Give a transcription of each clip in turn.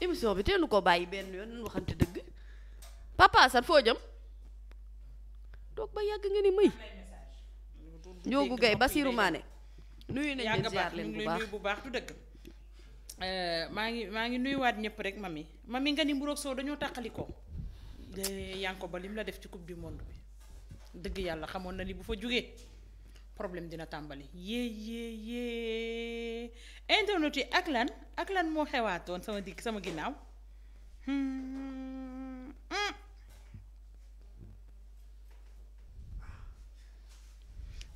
émission bi teenu ko bàyyi benn yoon nañu waxante dëgg papa san foo jëm toog ba yàgg nga ni may ñoogu gay Basiru Maane nuyu nañ leen ziar leen bu baax du dëgg maa ngi maa ngi nuyuwaat ñëpp rek mami mami nga ni mburoog soo dañoo tàqalikoo yanko ba lim la def ci coupe du monde bi dëgg yàlla xamoon na ni bu fa jógee problème dina tàmbali yée yée yée internet yi ak lan ak lan moo xewaatoon sama digg sama ginnaaw hmm.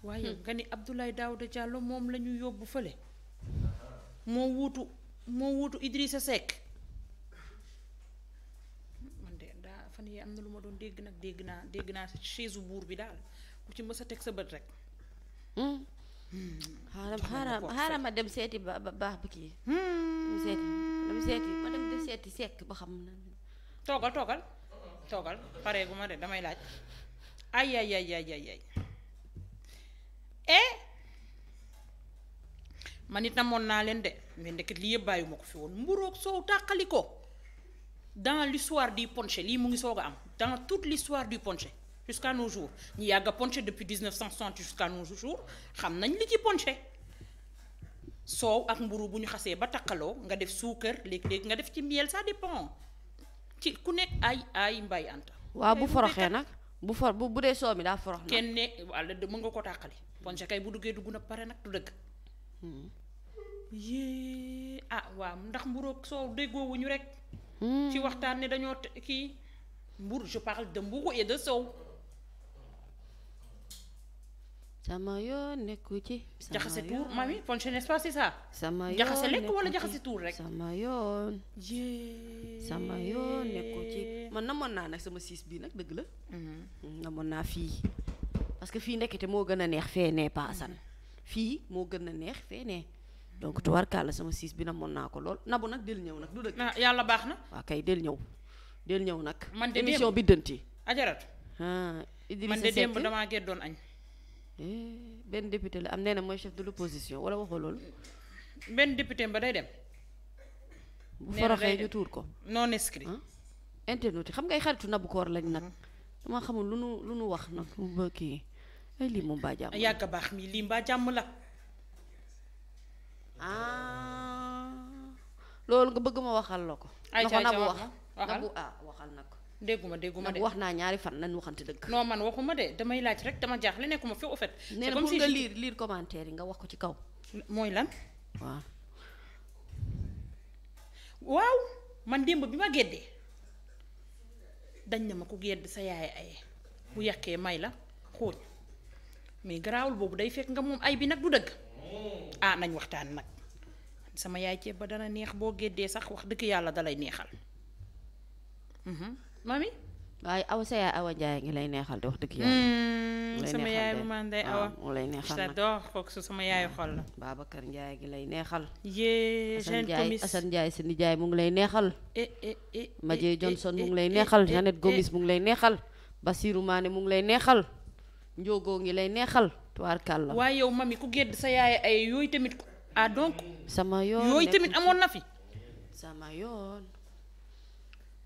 waaye nga ni Abdoulaye Daouda Diallo moom la yóbbu fële moo wuutu moo wuutu Idrissa Seck man de daa fan yi am na lu ma doon dégg nag dégg naa dégg naa chaise buur bi daal ku ci mës a teg sa bët rek xaaral hmm. hmm. xaaral ma dem seeti ba baax bi kii. Hmm. seeti dem seeti ma dem di seeti sekk ba xam. toogal toogal toogal pare gu ma de damay laaj ay ay ay ay ay eh man it namoon naa leen de mais ndeket lii yëpp bàyyi ma ko fi woon mburoog soow tàqali ko dans l'histoire du ponché lii mu ngi soog a am dans toute l'histoire du ponché jusqu'à nos jours ñu yàgg a ponché depuis 1960 jusqu'à nos jours xam nañ li ci ponché soow ak mburu bu ñu xasee ba taqaloo nga def suukar léegi-léegi nga def ci miel ça dépend ci ku nekk ay ay mbay anta waaw bu foroxee nag bu for bu bu dee soow mi daa forox kenn ne walla mën nga ko tàqali ponché kay bu duggee dugg nag pare nag du dëgg hmm. ah waaw ndax mburu ak soow déggoowuñu rek hmm. ci waxtaan ne dañoo kii mburu je parle de mburu et de soow sama yoo nekku ci. jaxase tuur mami fonce n'est-ce pas c'est ça. sama yoo jaxase lekk wala jaxase tuur rek. sama yoon. sama yoo nekku ci. man namoon naa nag sama siis bii nag dëgg la. Mhm. Mm, namoon naa fii. parce que fii ndekete moo gën a neex fee nee paasan. Mhm. fii moo gën a neex fee nee. donc tubaarkaal la sama siis bi moon naa ko lool nabu nag del ñëw nag du dëgg. ah yàlla baax na. waaw kay del ñëw. del ñëw nag. man de démb émission bi dënti. ajaratu. ah Idrissa Seck añ. Eh, benn député la am nee na mooy chef de l'opposition wala waxoo loolu. benn député ba day dem. bu faraxee ñu tuur ko. non inscrit. Ah? internet yi xam ngay xaritu nabu koor lañ nag. Mm-hmm. dama xamul lu nu lu nu wax nag lu ba kii ay lii mu mbaa jàmm. yàgg baax mi lii mbaa jàmm la. Ah. loolu nga bëgg ma waxal la ko. ay ca wax nabu ah waxal nag. dégguma dégguma de wax naa ñaari fan nañ waxante dëgg. noo man waxuma de damay laaj rek dama jaaxle nekkuma fi au fait. nee na pour nga lire liir commentaire yi nga wax ko ci kaw. mooy lan. waaw. man démb bi ma géddee dañ na ma ku gedd sa yaay aye bu yàqee may la xóoñ mais garaawul boobu day fekk nga moom ay bi nag du dëgg ah nañ waxtaan nag sama yaay ceeb ba dana neex boo géddee sax wax dëgg yàlla dalay neexal. Mhm. mami waaye aw sa yaay awa njaay ngi lay neexal de wax dëgg yàlla hmm, sama yaay bu man day awa mu lay neexal sama yaayu xol la Babacar Njaay gi lay neexal yee Jeanne Gomis Assane Njaay si nijaay mu ngi lay neexal eh, eh, eh, Majee Johnson mu ngi lay neexal Jeannette Gomis mu ngi lay neexal Basiru Maane mu ngi lay neexal Njoogoo ngi lay neexal tubaarkàlla waaye yow mami ku gedd sa yaay ay yooyu tamit ah donc sama yoon yooyu tamit amoon na fi sama yoon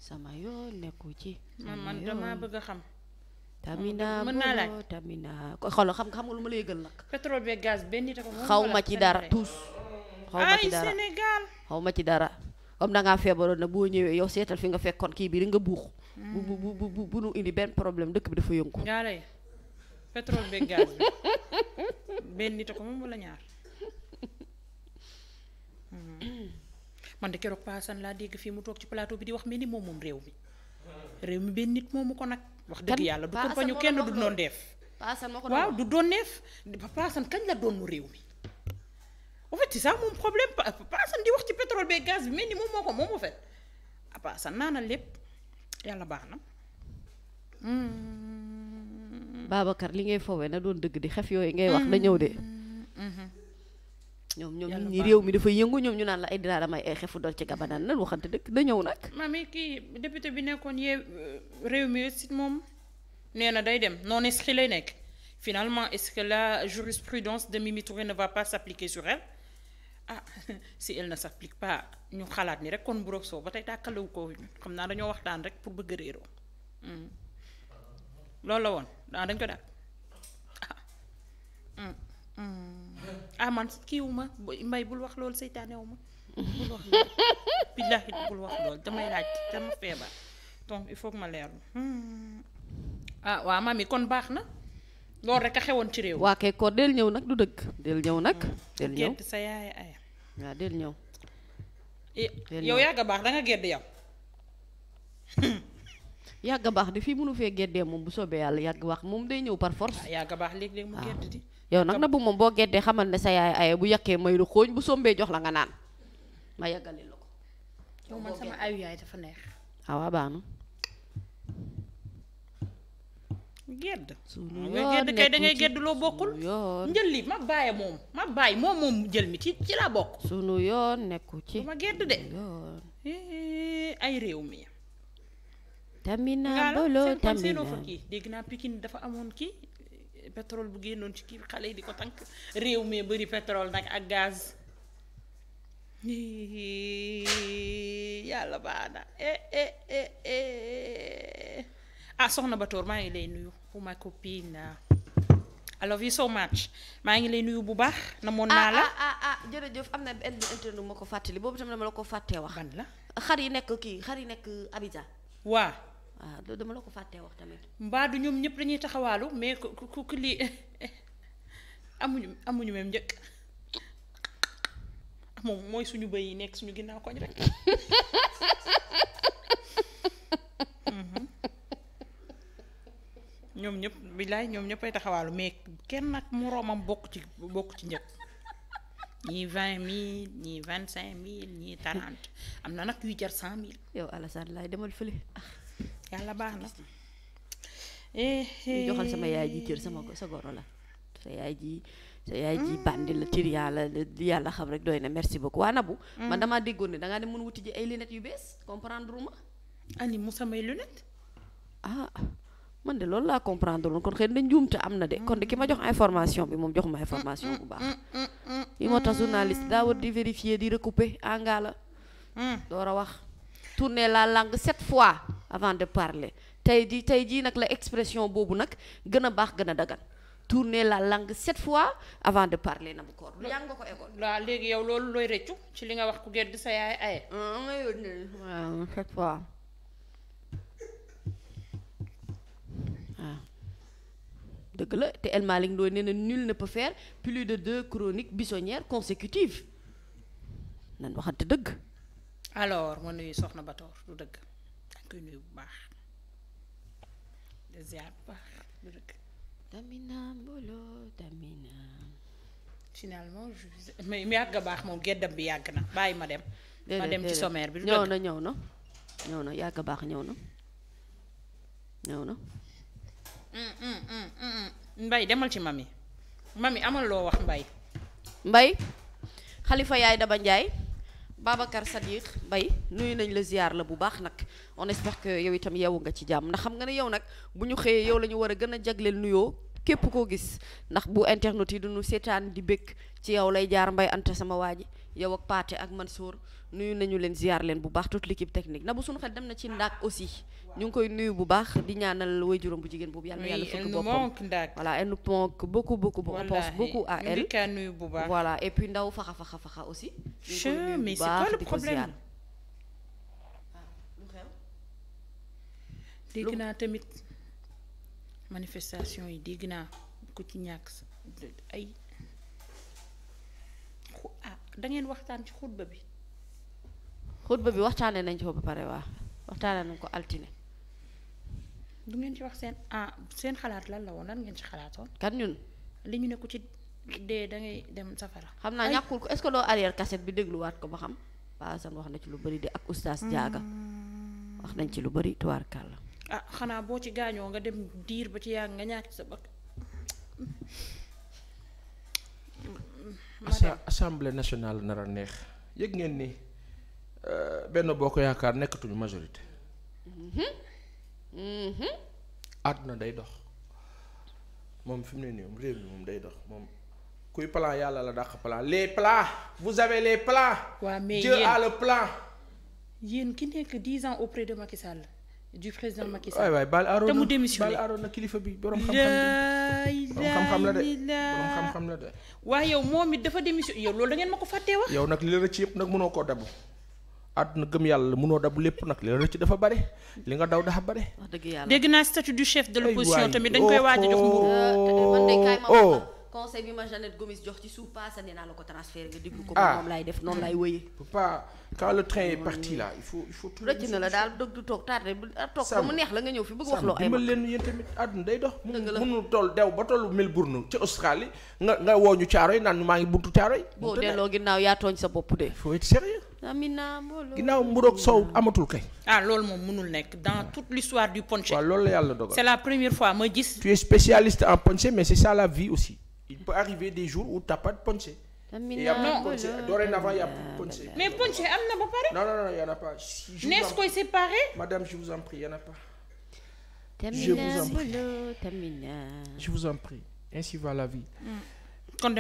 sama yoon nekku ci. man man damaa bëgg a xam. tamina mën naa laaj tamina xoolal xam nga xam nga lu ma lay gën nag. pétrole benn nit xaw ma ci dara tous. xaw ma ci dara ay Sénégal. ci dara comme da ngaa feebaroon na boo ñëwee yow seetal fi nga fekkoon kii bi rek nga buux. bu bu bu bu nu indi benn problème dëkk bi dafa yëngu. ñaareel pétrole man de keroog paasan laa dégg fii mu toog ci plateau bi di wax mel ni moom moom réew mi réew mi benn nit moomu ko nag wax dëgg yàlla du ñu kenn du doon def waaw du doon neef paasan kañ la doon réew mi en fait c'est ça moom problème paasan di wax ci pétrole beeg gaz bi mel ni moom moo ko moom en fait ah, paasan naana lépp yàlla baax na hmm. baabakar li ngay foowee na doon dëgg di xef yooyu ngay wax na ñëw de hmm. Hmm. ñoom ñoom nit ñi réew mi dafa yëngu ñoom ñu naan la ay dinaa damay ay xefu dol ci gabanaan nan waxante dëkk da ñëw nag mami kii député bi nekkoon yee euh, réew mi sit moom nee na day dem non est-ce lay nekk finalement est-ce que la jurisprudence de Mimi Touré ne va pas s'appliquer sur elle ah si elle ne s'applique pas ñu xalaat ni rek kon bu soo ba tey tàkkalewu ko xam naa dañoo waxtaan rek pour bëgg réeroo hmm. loolu la woon ah, dañ ko daal ah man kiiwu ma mbay bul wax loolu seytaane ma bul wax loolu wax loolu damay laaj dama feebar donc il faut ma leerlu hmm. ah waa mami kon baax na loolu rek a xewoon ci réew. waa kay ko del ñëw nag du dëkk del ñëw nag. del ñëw gedd sa yaay aya. waaw ñëw. Eh, yow yàgg a baax da nga gedd yow. yàgg a baax de fii mënu fee geddee moom bu soobee yàlla yàgg a baax moom day ñëw par force. Ah, yàgg a baax léeg-léeg mu ah. gedd di. yow nag na bu moom boo geddee xamal ne sa yaay aye bu yàkkee may lu xooñ bu sombee jox la nga naan ma yàggali la ko yow man sama ayu yaay dafa neex awaa gedd gedd kay gedd loo bokkul njël li ma jël mi ci ci laa bokk sunu yoon nekku ci ma gedd de ay réew mi tamina bolo tamina dégg naa Pikine dafa amoon kii pétrole bu génnoon ci kii xale yi di ko tànk réew mi bëri pétrole nag ak gaz yàlla baax na eh, eh, eh, eh ah soxna Batoor maa ngi lay nuyu pour ma copine I love you so much maa ngi lay nuyu bu baax. moon naa la ah ah, ah ah jërëjëf am na benn internet ma ko fàttali boobu tamit ma la ko fàttee wax. xar yi nekk kii xar yi nekk Abidjan. waa waaw ah, loolu dama la ko fàtte wax tamit. mbaadu ñoom ñëpp dañuy taxawaalu mais ku ku ku lii amuñu amuñu même njëkk moom mooy suñu bëy yi nekk suñu ginnaaw koñ rek. ñoom ñëpp billaay ñoom ñëppay taxawaalu mais kenn nag moroomam bokk ci bokk ci njëkk ñii vingt mille ñii vingt cinq mille ñii trente am na nag yuy jar cent mille. yow Alassane laay demal fële. yàlla baax na. ñu joxal sama yaay ji cër sama sa goro la sa yaay ji. sa yaay ji bandi la tir yàlla yàlla xam rek dooy na merci beaucoup waa Nabou. Mm. man damaa déggoon ne da dem mën wuti ji ay lunettes yu bees comprendre ma. mu samay lunettes. ah man de loolu laa comprendre woon kon xëy na njuumte am na de kon de ki ma jox information bi moom jox ma information bu baax. li moo tax journaliste daa war di vérifier di recouper en gala. Mm. door a wax. tourner la langue sept fois avant de parler tey jii tey jii nag la expression boobu nag gën a baax gën a dagan tourner la langue sept fois avant de parler na bu koor lu jàng nga ko école waaw léegi yow loolu looy rëccu ci li nga wax ku gedd sa yaay aye waaw sept fois waaw dëgg la te El Malick Ndoye nee na nul ne peut plus de deux chroniques buissonnières consécutives nan waxante dëgg alors ma nuyu soxna Batoor du dëgg da koy nuyu bu baax de ziar bu baax yàgg baax moom geddam bi yàgg na bàyyi ma dem. ma dem ci sommaire bi du dëgg ñëw na ñëw na ñëw na yàgg baax ñëw na ñëw na. Mm, mm, mm, Mbay demal ci mami mami amal loo wax Mbay. Mbay Xalifa yaay Daba Njaay Babacar Sadikh mbay nuyu nañ la ziar la bu baax nag on espère que yow itam yeewu nga ci jàmm ndax xam nga ne yow nag bu ñu xëyee yow la ñu war a gën a jagleel nuyoo képp koo gis ndax bu internet yi duñu seetaan di bëgg ci yow lay jaar mbay anta sama waa ji yow ak Paate ak man Mansour nuyu nañu leen ziar leen bu baax toute l'équipe technique na bu suñu xel dem na ci ndaak aussi ñu ngi koy nuyu bu baax di ñaanal way juróom bu jigéen boobu yàlla yàlla fëkk bokk voilà elle nous manque beaucoup beaucoup voilà et puis ndaw faxa faxa faxa aussi ñu ngi koy nuyu bu baax di ko ziar ah, dégg manifestation yi dégg naa ku ci ñàkk ay ah, dangeen waxtaan ci xutba bi. xutba bi waxtaanee nañ ci ko ba pare waa waxtaanee nañ ko altine. du ngeen ci wax seen ah seen xalaat lan la woon lan ngeen ci xalaatoon. kan ñun. li ñu ne ku ci dee da ngay dem safara. xam naa ñàkkul ko est-ce que doo arrière cassette bi dégluwaat ko ba xam. Paa wax na ci lu bari de ak oustaz Diaga. Mm. wax nañ ci lu bari tuwaar kàlla. ah xanaa boo ci gaañoo nga dem diir ba ci yàgg nga ñàkk sa bakk assemblée nationale nar a neex yëg ngeen ni euh, benn boo ko yaakaar nekkatuñu majorité mhm. Mhm. àdduna day dox moom fi mu ne nii réew mi moom day dox moom kuy plan yàlla la dàq plan les plans vous avez les plans. waaw mais Dieu a le plan. ki nekk dix ans auprès de Macky Sall. du président Macky Sall. waay waay Baal Aaroon te mu démissionné Baal Aaroon na kilifa bi borom xam-xam la de xam-xam la de. waaye yow moom it dafa démissionné yow loolu da ngeen ma ko fàttee wax. yow nag li la rëcc yëpp nag mënoo koo dabu. àdduna gëm yàlla munoo dabu lépp nag li la rëcc dafa bare li nga daw dafa bare. dëgg yàlla dégg naa statut du chef de l'opposition tamit dañ koy waaj a jox mburu. Oh, oh, eh, man de kaay ma conseil bi ma Jeannette Gomis jox ci suuf paase nee naa la ko transfert nga déglu ko. ah moom laay def noonu laay wëyee. papa quand le train est parti il faut il faut. rëcc na ah, loo ay yaa tooñ sa bopp de. faut être sérieux. amina mbooloo ginnaaw mburoog soow amatul kay. ah loolu moom mënul nekk dans toute l'histoire du ponché. waaw loolu la yàlla dogal. c'est la première fois ma gis. tu es spécialiste en ponché mais c'est la vie aussi il peut arriver des jours où t'as pas de ponché. il y a plus de ponché a pare. non non non y en a pas. si je nees madame je vous en prie y a la vie. Hmm.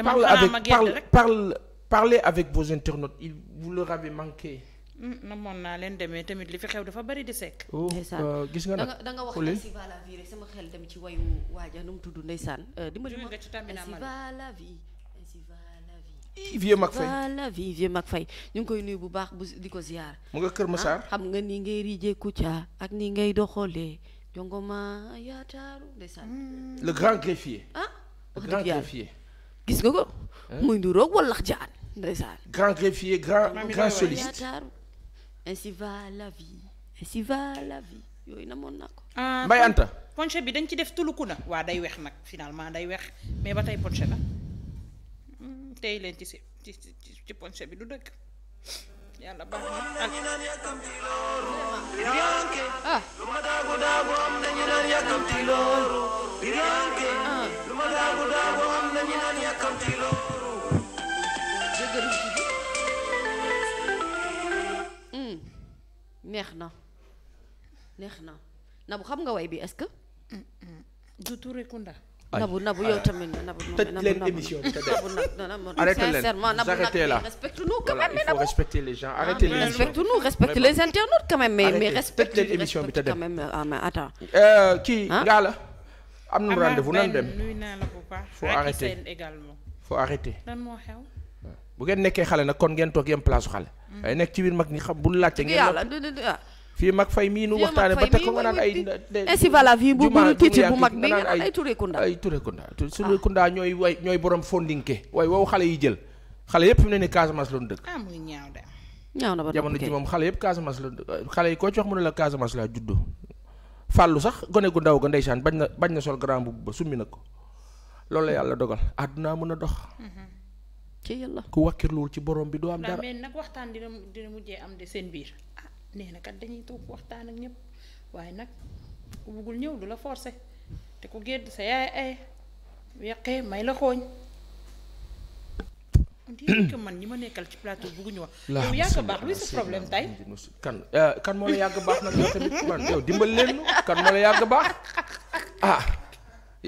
parlez avec vos internautes vous leur avez manqué. moon naa leen demee tamit li fi xew dafa bari di sekk. Oh, euh, gis nga nag da nga wax si va la vie sama xel dem ci wayu waaja nu mu tudd ndeysaan. Euh, dimbali ma si va la vie la vie. vieux Mag Faye va la vie vieux Mag koy nuyu bu baax bu di ko ziar. mu nga Kër Massar ah, xam nga ni ngay riijee Kouthia ak ni ngay doxalee jongoma yaataaru ndeysaan. Mm. le grand greffier. ah wax gis nga ko. muy nduroog walax jaan ndeysaan. grand greffier grand grand soliste. ainsi va la vie ainsi va la vie yooyu ko. Ah, Mbaye Anta. ponche bi dañ ci def tuluku na waa day weex nag finalement day weex mais ba tey ponche la hmm, tey leen ci ci ci ponche bi du dëkk yàlla baax na. ah. ah. ah. neex na neex na Nabou xam nga way bi est-ce que. Mm, mm. du Touré Kunda. Nabou Nabou yow tamit Nabou tëj leen émission bi arrêtez leen vous arrêtez là respecte-nous quand même il faut respecter les gens ah, arrêtez les respecte-nous respecte les quand mais mais respecte leen émission bi te dem quand même ah mais euh, kii ngaa la am na rendez-vous nan dem faut arrêter faut arrêter moo bu ngeen nekkee xale nag kon ngeen toog yem place xale Mm. ay nekk ci biir mag ñi xam bul laajte nga yàlla ah. fii mag fay mii nu waxtaane ba teg ko nga naan ay ainsi va la vie bu bu tiiti bu mag bi nga naan ay Touré Kunda ay ah. ñooy borom fondinke waaye wow xale yi jël xale yépp fi mu ne ni Casamance loon dëkk ah muy ñaaw de na ba jamono ji moom xale yépp Casamance loon dëkk euh, xale yi koo ci wax mu ne la Casamance laa juddu fàllu sax gone gu ndaw ga ndeysaan bañ na bañ na sol grand bu ba summi na ko loolu la yàlla dogal àdduna mën a dox mm-hmm. ca yàlla ku wàkkirluwul ci borom bi doo am dara mais nag waxtaan dina dina mujjee am de seen biir ah na kat dañuy toog waxtaan ak ñëpp waaye nag ku bëggul ñëw du la forcer te ku gédd sa yaay ay yàqee may la xooñ man ñi ma nekkal ci plateau bëgguñu wax. yow yàgg baax luy sa problème tey. kan euh, kan moo yàgg baax nag yow tamit man yow dimbal leen kan moo la yàgg baax ah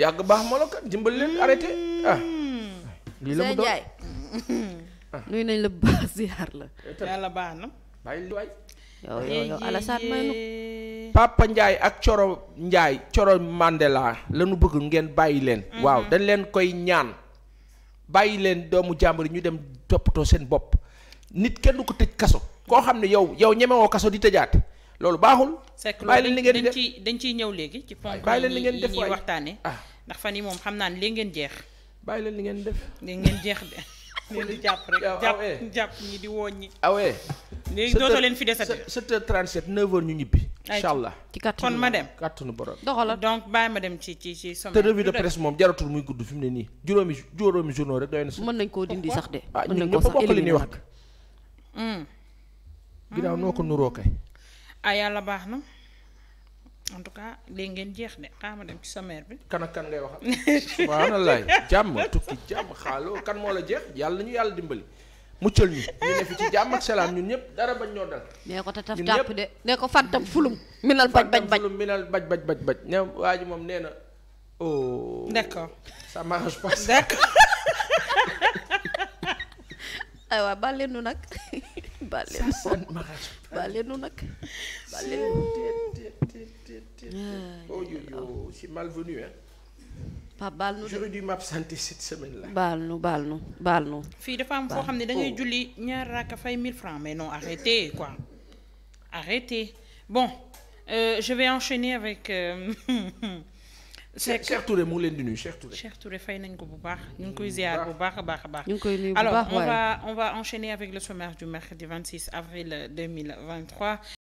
yàgg baax moo la kan dimbal leen arrêté ah. Hmm. lii la mu doon nuyu nañ la baax xar la. yàlla baax na. bàyyi lu Papa Ndiaye ak Coro Ndiaye Coro Mandela la nu bëgg ngeen bàyyi leen. Mhm. waaw dañ leen koy ñaan. bàyyi leen doomu jàmbur ñu dem toppatoo seen bopp nit kenn du ko tëj kaso. koo xam ne yow yow ñemewoo kaso di tëjaat loolu baaxul. bàyyi leen li ngeen di def dañ ciy dañ ciy ñëw léegi. ci ponk bàyyi leen li ngeen def waay waxtaanee. Ah. ndax fan yi moom xam naa ne ngeen jeex. bàyyi leen li ngeen def. ngeen jeex de. nee na jàpp rek jàpp ñi di wooñ ñi awee léegi leen fi desati sept heures trente sept neuf heures ñu ñibbi incha allah ci kon ma dem kàttanu borom doxala donc bàyyi ma dem ci ci ci sommet te moom jaratul muy gudd fi mu ne nii juróomi juróomi journaux rek doy na si mën nañ koo dindi sax de ah mën nañ ko sax bokk hmm. noo ko nuroo kay ah yàlla baax na ah léegi ngeen jeex de xaama dem ci sa sommaire bi. kan ak kan ngay wax waaw na jàmm tukki jàmm xaaloo kan moo la jeex yàlla ñu yàlla dimbali. muccal ñu ñu ne fi ci jàmm ak salaam ñun ñëpp dara bañ ñoo dal. nee ko tataf tàpp de nee ko fantam fulum. minal baj baj baj fulum minal baj baj ne waa ji moom nee na. oh. d'accord ça marche pas. d'accord. aywa bàlleenu nag. bàlleenu bàlleenu nag te te ah, oh, c'est malvenu hein. Pape baal nu de j'aurais dû m'absenter cette semaine là. baal nu baal nu baal nu. fii dafa am foo xam ne da ngay oh. julli ñaar raaka fay 1000 francs mais non arrêtez quoi arrêtez bon euh, je vais enchaîner avec. Euh... Cheikh Touré mu ngi leen di nuyu Cheikh Touré. Cheikh Touré fay ko bu baax. ñu ngi koy mm, ziar bu baax baax a baax. ñu ngi koy nuyu bu baax alors on va on va enchaîner avec le sommaire du mercredi 26 avril 2023.